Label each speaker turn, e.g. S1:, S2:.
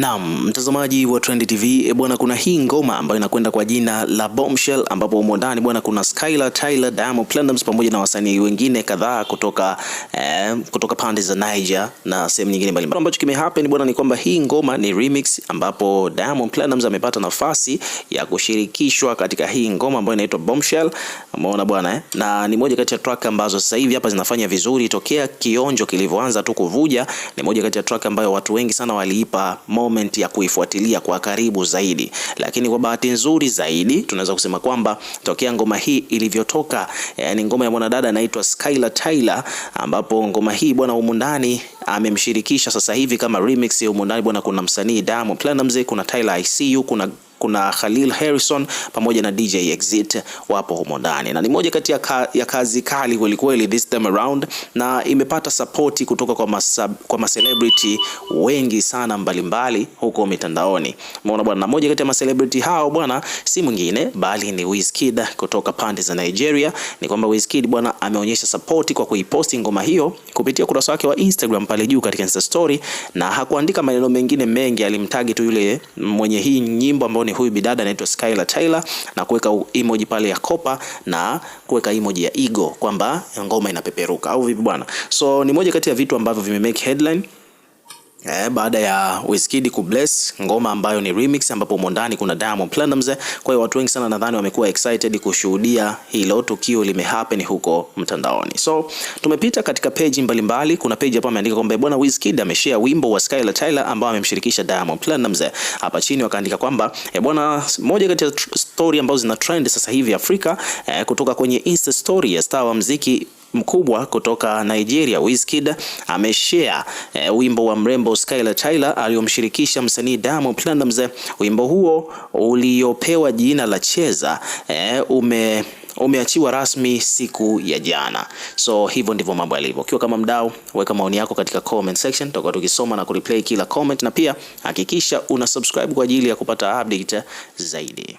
S1: Naam, mtazamaji wa Trend TV e bwana, kuna hii ngoma ambayo inakwenda kwa jina la Bombshell, ambapo humo ndani bwana, kuna Skylar Tyler, Diamond Platnumz pamoja na wasanii wengine kadhaa kutoka eh, kutoka pande za Niger na sehemu nyingine mbalimbali. Ambacho kimehappen bwana ni kwamba hii ngoma ni remix, ambapo Diamond Platnumz amepata nafasi ya kushirikishwa katika hii ngoma ambayo inaitwa Bombshell. Umeona bwana eh? Na ni moja kati ya track ambazo sasa hivi hapa zinafanya vizuri tokea kionjo kilivyoanza tu kuvuja, ni moja kati ya track ambayo watu wengi sana waliipa moment ya kuifuatilia kwa karibu zaidi, lakini kwa bahati nzuri zaidi tunaweza kusema kwamba tokea ngoma hii ilivyotoka, yani eh, ngoma ya mwanadada anaitwa Skyla Tyler, ambapo ngoma hii bwana humu ndani amemshirikisha sasa hivi kama remix humu ndani bwana, kuna msanii Diamond Platnumz, kuna Tyler ICU, kuna kuna Khalil Harrison pamoja na DJ Exit wapo humo ndani, na ni moja kati ya, ka, ya kazi kali kwelikweli this time around, na imepata support kutoka kwa masab, kwa macelebrity wengi sana mbalimbali mbali, huko mitandaoni umeona bwana, na moja kati ya macelebrity hao bwana si mwingine bali ni Wizkid kutoka pande za Nigeria. Ni kwamba Wizkid bwana ameonyesha sapoti kwa kuiposti ngoma hiyo kupitia ukurasa wake wa Instagram pale juu katika Insta story, na hakuandika maneno mengine mengi, alimtagi tu yule mwenye hii nyimbo ambayo ni huyu bidada anaitwa skyla Taylor na kuweka emoji pale ya kopa na kuweka emoji ya ego kwamba ngoma inapeperuka au vipi bwana. So ni moja kati ya vitu ambavyo vime make headline Eh, baada ya Wizkid kubless ngoma ambayo ni remix ambapo umo ndani kuna Diamond Platnumz. Kwa hiyo watu wengi sana nadhani wamekuwa excited kushuhudia hilo tukio limehappen huko mtandaoni. So tumepita katika page mbalimbali, kuna page hapa ameandika kwamba bwana Wizkid ameshare wimbo wa Skylar Tyler ambao amemshirikisha Diamond Platnumz. Hapa chini wakaandika kwamba eh, bwana, moja kati ya story ambazo zina trend sasa hivi Afrika eh, kutoka kwenye Insta story ya star wa muziki mkubwa kutoka Nigeria Wizkid ameshare e, wimbo wa mrembo Skylar Tyler aliyomshirikisha msanii Diamond Platnumz. Wimbo huo uliopewa jina la Cheza e, ume umeachiwa rasmi siku ya jana. So hivyo ndivyo mambo yalivyo. Ukiwa kama mdau, weka maoni yako katika comment section, tutakuwa tukisoma na kureplay kila comment, na pia hakikisha una subscribe kwa ajili ya kupata update zaidi.